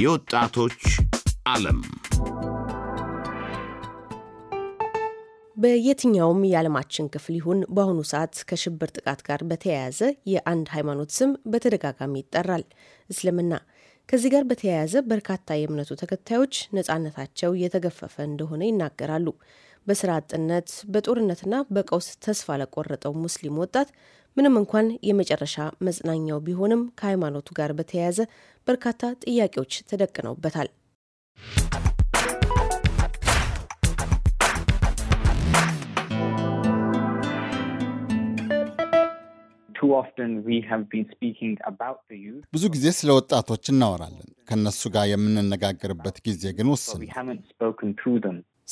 የወጣቶች ዓለም በየትኛውም የዓለማችን ክፍል ይሁን በአሁኑ ሰዓት ከሽብር ጥቃት ጋር በተያያዘ የአንድ ሃይማኖት ስም በተደጋጋሚ ይጠራል፣ እስልምና። ከዚህ ጋር በተያያዘ በርካታ የእምነቱ ተከታዮች ነፃነታቸው የተገፈፈ እንደሆነ ይናገራሉ። በስራ አጥነት በጦርነትና በቀውስ ተስፋ ለቆረጠው ሙስሊም ወጣት ምንም እንኳን የመጨረሻ መጽናኛው ቢሆንም ከሃይማኖቱ ጋር በተያያዘ በርካታ ጥያቄዎች ተደቅነውበታል። ብዙ ጊዜ ስለ ወጣቶች እናወራለን። ከእነሱ ጋር የምንነጋገርበት ጊዜ ግን ውስን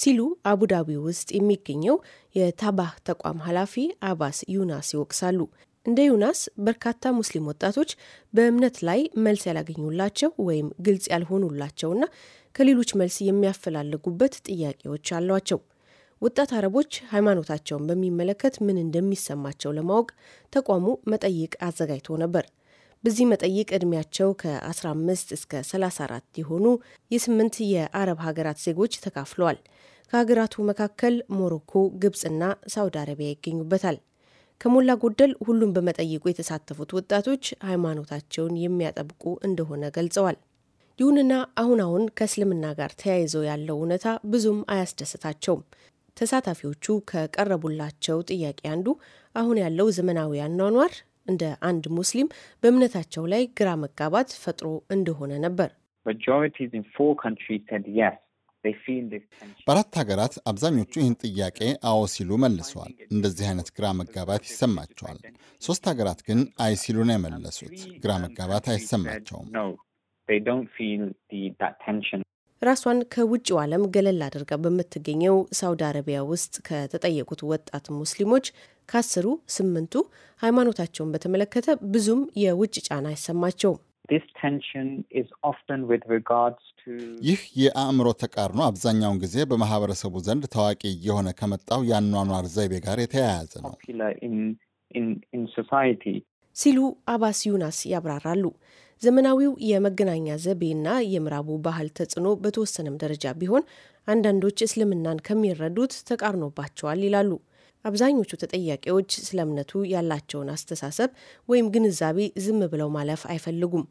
ሲሉ አቡዳቢ ውስጥ የሚገኘው የታባህ ተቋም ኃላፊ አባስ ዩናስ ይወቅሳሉ። እንደ ዩናስ በርካታ ሙስሊም ወጣቶች በእምነት ላይ መልስ ያላገኙላቸው ወይም ግልጽ ያልሆኑላቸውና ከሌሎች መልስ የሚያፈላልጉበት ጥያቄዎች አሏቸው። ወጣት አረቦች ሃይማኖታቸውን በሚመለከት ምን እንደሚሰማቸው ለማወቅ ተቋሙ መጠይቅ አዘጋጅቶ ነበር። በዚህ መጠይቅ ዕድሜያቸው ከ15 እስከ 34 የሆኑ የስምንት የአረብ ሀገራት ዜጎች ተካፍለዋል። ከሀገራቱ መካከል ሞሮኮ፣ ግብፅና ሳውዲ አረቢያ ይገኙበታል። ከሞላ ጎደል ሁሉም በመጠይቁ የተሳተፉት ወጣቶች ሃይማኖታቸውን የሚያጠብቁ እንደሆነ ገልጸዋል። ይሁንና አሁን አሁን ከእስልምና ጋር ተያይዘው ያለው እውነታ ብዙም አያስደስታቸውም። ተሳታፊዎቹ ከቀረቡላቸው ጥያቄ አንዱ አሁን ያለው ዘመናዊ አኗኗር እንደ አንድ ሙስሊም በእምነታቸው ላይ ግራ መጋባት ፈጥሮ እንደሆነ ነበር። በአራት ሀገራት አብዛኞቹ ይህን ጥያቄ አዎ ሲሉ መልሰዋል። እንደዚህ አይነት ግራ መጋባት ይሰማቸዋል። ሶስት ሀገራት ግን አይ ሲሉ ነው የመለሱት። ግራ መጋባት አይሰማቸውም። ራሷን ከውጭው ዓለም ገለል አድርጋ በምትገኘው ሳውዲ አረቢያ ውስጥ ከተጠየቁት ወጣት ሙስሊሞች ከአስሩ ስምንቱ ሃይማኖታቸውን በተመለከተ ብዙም የውጭ ጫና አይሰማቸውም። ይህ የአእምሮ ተቃርኖ አብዛኛውን ጊዜ በማህበረሰቡ ዘንድ ታዋቂ እየሆነ ከመጣው የአኗኗር ዘይቤ ጋር የተያያዘ ነው ሲሉ አባስ ዩናስ ያብራራሉ። ዘመናዊው የመገናኛ ዘቤና የምዕራቡ ባህል ተጽዕኖ በተወሰነም ደረጃ ቢሆን አንዳንዶች እስልምናን ከሚረዱት ተቃርኖባቸዋል ይላሉ። አብዛኞቹ ተጠያቂዎች ስለ እምነቱ ያላቸውን አስተሳሰብ ወይም ግንዛቤ ዝም ብለው ማለፍ አይፈልጉም።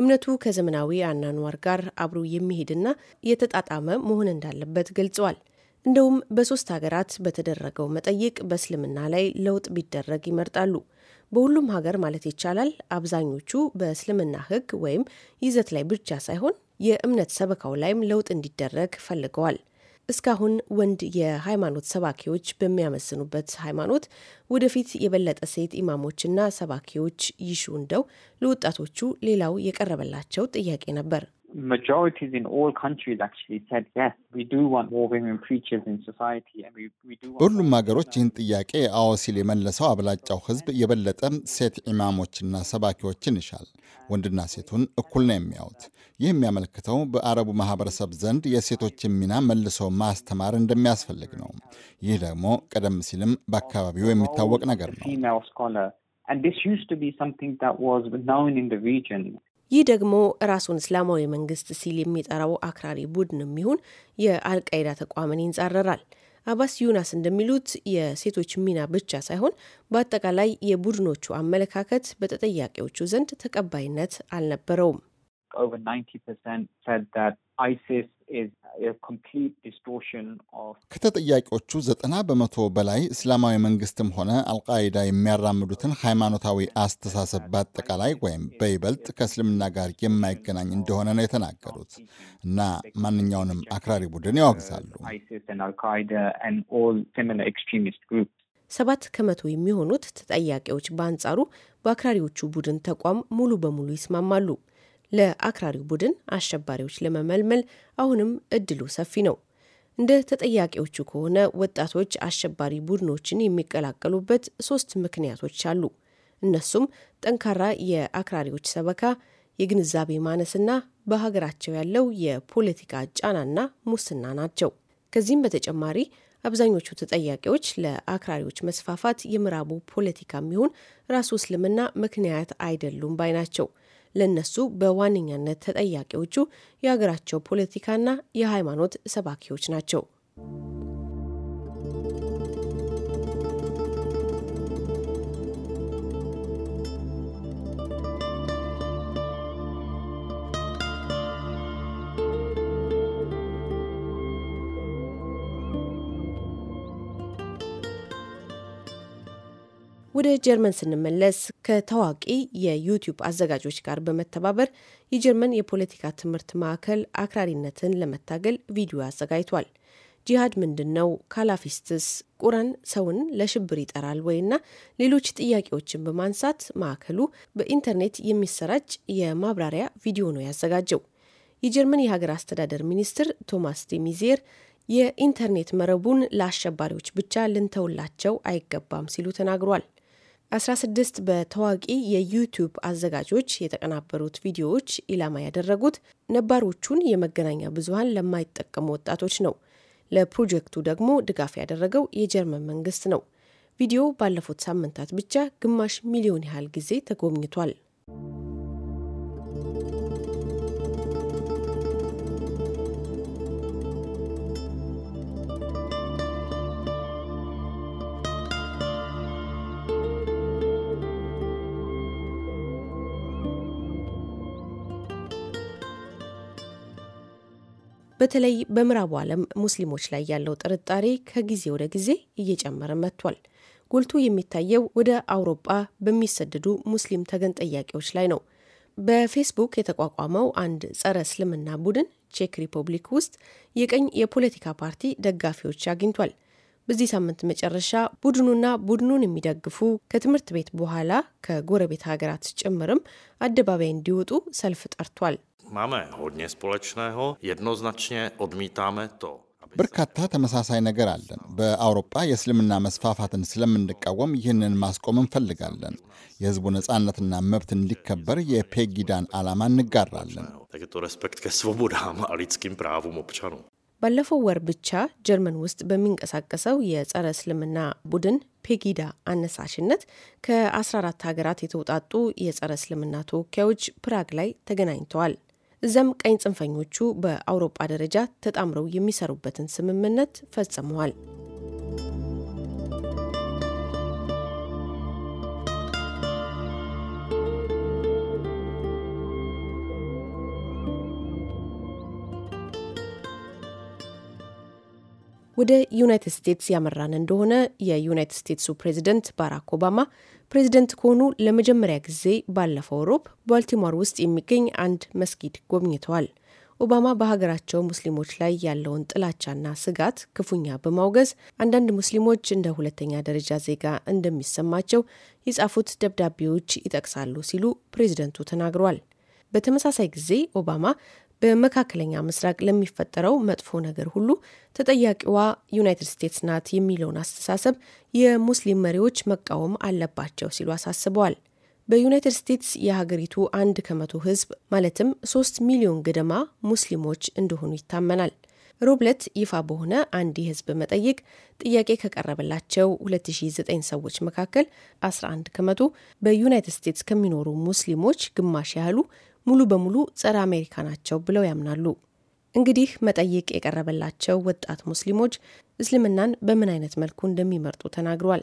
እምነቱ ከዘመናዊ አኗኗር ጋር አብሮ የሚሄድና የተጣጣመ መሆን እንዳለበት ገልጸዋል። እንደውም በሶስት ሀገራት በተደረገው መጠይቅ በእስልምና ላይ ለውጥ ቢደረግ ይመርጣሉ። በሁሉም ሀገር ማለት ይቻላል አብዛኞቹ በእስልምና ሕግ ወይም ይዘት ላይ ብቻ ሳይሆን የእምነት ሰበካው ላይም ለውጥ እንዲደረግ ፈልገዋል። እስካሁን ወንድ የሃይማኖት ሰባኪዎች በሚያመስኑበት ሃይማኖት ወደፊት የበለጠ ሴት ኢማሞችና ሰባኪዎች ይሹ እንደው ለወጣቶቹ ሌላው የቀረበላቸው ጥያቄ ነበር። majorities in all countries actually said yes, we do want more women preachers in society and we, we do want... ሁሉም ሀገሮች ይህን ጥያቄ አዎ ሲል የመለሰው አብላጫው ህዝብ የበለጠም ሴት ኢማሞችና ሰባኪዎችን ይሻል። ወንድና ሴቱን እኩል ነው የሚያዩት። ይህ የሚያመለክተው በአረቡ ማህበረሰብ ዘንድ የሴቶችን ሚና መልሶ ማስተማር እንደሚያስፈልግ ነው። ይህ ደግሞ ቀደም ሲልም በአካባቢው የሚታወቅ ነገር ነው። And this used to be something that was known in the region. ይህ ደግሞ ራሱን እስላማዊ መንግስት ሲል የሚጠራው አክራሪ ቡድንም ይሁን የአልቃይዳ ተቋምን ይንጻረራል። አባስ ዩናስ እንደሚሉት የሴቶች ሚና ብቻ ሳይሆን በአጠቃላይ የቡድኖቹ አመለካከት በተጠያቂዎቹ ዘንድ ተቀባይነት አልነበረውም። over 90% said that ISIS is a complete distortion of ከተጠያቂዎቹ ዘጠና በመቶ በላይ እስላማዊ መንግስትም ሆነ አልቃይዳ የሚያራምዱትን ሃይማኖታዊ አስተሳሰብ በአጠቃላይ ወይም በይበልጥ ከእስልምና ጋር የማይገናኝ እንደሆነ ነው የተናገሩት እና ማንኛውንም አክራሪ ቡድን ያወግዛሉ። ሰባት ከመቶ የሚሆኑት ተጠያቂዎች በአንጻሩ በአክራሪዎቹ ቡድን ተቋም ሙሉ በሙሉ ይስማማሉ። ለአክራሪው ቡድን አሸባሪዎች ለመመልመል አሁንም እድሉ ሰፊ ነው። እንደ ተጠያቂዎቹ ከሆነ ወጣቶች አሸባሪ ቡድኖችን የሚቀላቀሉበት ሶስት ምክንያቶች አሉ። እነሱም ጠንካራ የአክራሪዎች ሰበካ፣ የግንዛቤ ማነስና በሀገራቸው ያለው የፖለቲካ ጫናና ሙስና ናቸው። ከዚህም በተጨማሪ አብዛኞቹ ተጠያቂዎች ለአክራሪዎች መስፋፋት የምዕራቡ ፖለቲካ የሚሆን ራሱ እስልምና ምክንያት አይደሉም ባይ ናቸው። ለእነሱ በዋነኛነት ተጠያቂዎቹ የሀገራቸው ፖለቲካና የሃይማኖት ሰባኪዎች ናቸው። ወደ ጀርመን ስንመለስ ከታዋቂ የዩቲዩብ አዘጋጆች ጋር በመተባበር የጀርመን የፖለቲካ ትምህርት ማዕከል አክራሪነትን ለመታገል ቪዲዮ አዘጋጅቷል። ጂሃድ ምንድን ነው? ካላፊስትስ ቁራን ሰውን ለሽብር ይጠራል ወይና ሌሎች ጥያቄዎችን በማንሳት ማዕከሉ በኢንተርኔት የሚሰራጭ የማብራሪያ ቪዲዮ ነው ያዘጋጀው። የጀርመን የሀገር አስተዳደር ሚኒስትር ቶማስ ዲ የኢንተርኔት መረቡን ለአሸባሪዎች ብቻ ልንተውላቸው አይገባም ሲሉ ተናግሯል። 16 በታዋቂ የዩቲዩብ አዘጋጆች የተቀናበሩት ቪዲዮዎች ኢላማ ያደረጉት ነባሮቹን የመገናኛ ብዙሀን ለማይጠቀሙ ወጣቶች ነው። ለፕሮጀክቱ ደግሞ ድጋፍ ያደረገው የጀርመን መንግስት ነው። ቪዲዮው ባለፉት ሳምንታት ብቻ ግማሽ ሚሊዮን ያህል ጊዜ ተጎብኝቷል። በተለይ በምዕራቡ ዓለም ሙስሊሞች ላይ ያለው ጥርጣሬ ከጊዜ ወደ ጊዜ እየጨመረ መጥቷል። ጎልቶ የሚታየው ወደ አውሮጳ በሚሰደዱ ሙስሊም ተገን ጠያቂዎች ላይ ነው። በፌስቡክ የተቋቋመው አንድ ጸረ እስልምና ቡድን ቼክ ሪፐብሊክ ውስጥ የቀኝ የፖለቲካ ፓርቲ ደጋፊዎች አግኝቷል። በዚህ ሳምንት መጨረሻ ቡድኑና ቡድኑን የሚደግፉ ከትምህርት ቤት በኋላ ከጎረቤት ሀገራት ጭምርም አደባባይ እንዲወጡ ሰልፍ ጠርቷል። máme hodně společného, jednoznačně odmítáme to. በርካታ ተመሳሳይ ነገር አለን። በአውሮፓ የእስልምና መስፋፋትን ስለምንቃወም ይህንን ማስቆም እንፈልጋለን። የሕዝቡ ነፃነትና መብት እንዲከበር የፔጊዳን ዓላማ እንጋራለን። ባለፈው ወር ብቻ ጀርመን ውስጥ በሚንቀሳቀሰው የጸረ እስልምና ቡድን ፔጊዳ አነሳሽነት ከ14 ሀገራት የተውጣጡ የጸረ እስልምና ተወካዮች ፕራግ ላይ ተገናኝተዋል። ዘም ቀኝ ጽንፈኞቹ በአውሮፓ ደረጃ ተጣምረው የሚሰሩበትን ስምምነት ፈጽመዋል። ወደ ዩናይትድ ስቴትስ ያመራን እንደሆነ የዩናይትድ ስቴትሱ ፕሬዚደንት ባራክ ኦባማ ፕሬዚደንት ከሆኑ ለመጀመሪያ ጊዜ ባለፈው ሮብ ባልቲሞር ውስጥ የሚገኝ አንድ መስጊድ ጎብኝተዋል። ኦባማ በሀገራቸው ሙስሊሞች ላይ ያለውን ጥላቻና ስጋት ክፉኛ በማውገዝ አንዳንድ ሙስሊሞች እንደ ሁለተኛ ደረጃ ዜጋ እንደሚሰማቸው የጻፉት ደብዳቤዎች ይጠቅሳሉ ሲሉ ፕሬዚደንቱ ተናግሯል። በተመሳሳይ ጊዜ ኦባማ በመካከለኛ ምስራቅ ለሚፈጠረው መጥፎ ነገር ሁሉ ተጠያቂዋ ዩናይትድ ስቴትስ ናት የሚለውን አስተሳሰብ የሙስሊም መሪዎች መቃወም አለባቸው ሲሉ አሳስበዋል። በዩናይትድ ስቴትስ የሀገሪቱ አንድ ከመቶ ህዝብ ማለትም ሶስት ሚሊዮን ገደማ ሙስሊሞች እንደሆኑ ይታመናል። ሮብለት ይፋ በሆነ አንድ የህዝብ መጠይቅ ጥያቄ ከቀረበላቸው 2009 ሰዎች መካከል 11 ከመቶ በዩናይትድ ስቴትስ ከሚኖሩ ሙስሊሞች ግማሽ ያህሉ ሙሉ በሙሉ ጸረ አሜሪካ ናቸው ብለው ያምናሉ። እንግዲህ መጠይቅ የቀረበላቸው ወጣት ሙስሊሞች እስልምናን በምን አይነት መልኩ እንደሚመርጡ ተናግሯል።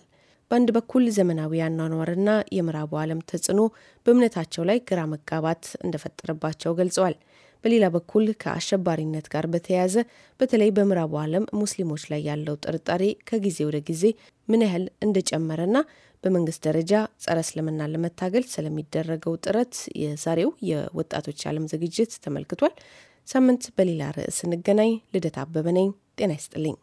በአንድ በኩል ዘመናዊ አኗኗርና የምዕራቡ ዓለም ተጽዕኖ በእምነታቸው ላይ ግራ መጋባት እንደፈጠረባቸው ገልጸዋል። በሌላ በኩል ከአሸባሪነት ጋር በተያያዘ በተለይ በምዕራቡ ዓለም ሙስሊሞች ላይ ያለው ጥርጣሬ ከጊዜ ወደ ጊዜ ምን ያህል እንደጨመረና በመንግስት ደረጃ ጸረ እስልምና ለመታገል ስለሚደረገው ጥረት የዛሬው የወጣቶች ዓለም ዝግጅት ተመልክቷል። ሳምንት በሌላ ርዕስ እንገናኝ። ልደት አበበ ነኝ። ጤና ይስጥልኝ።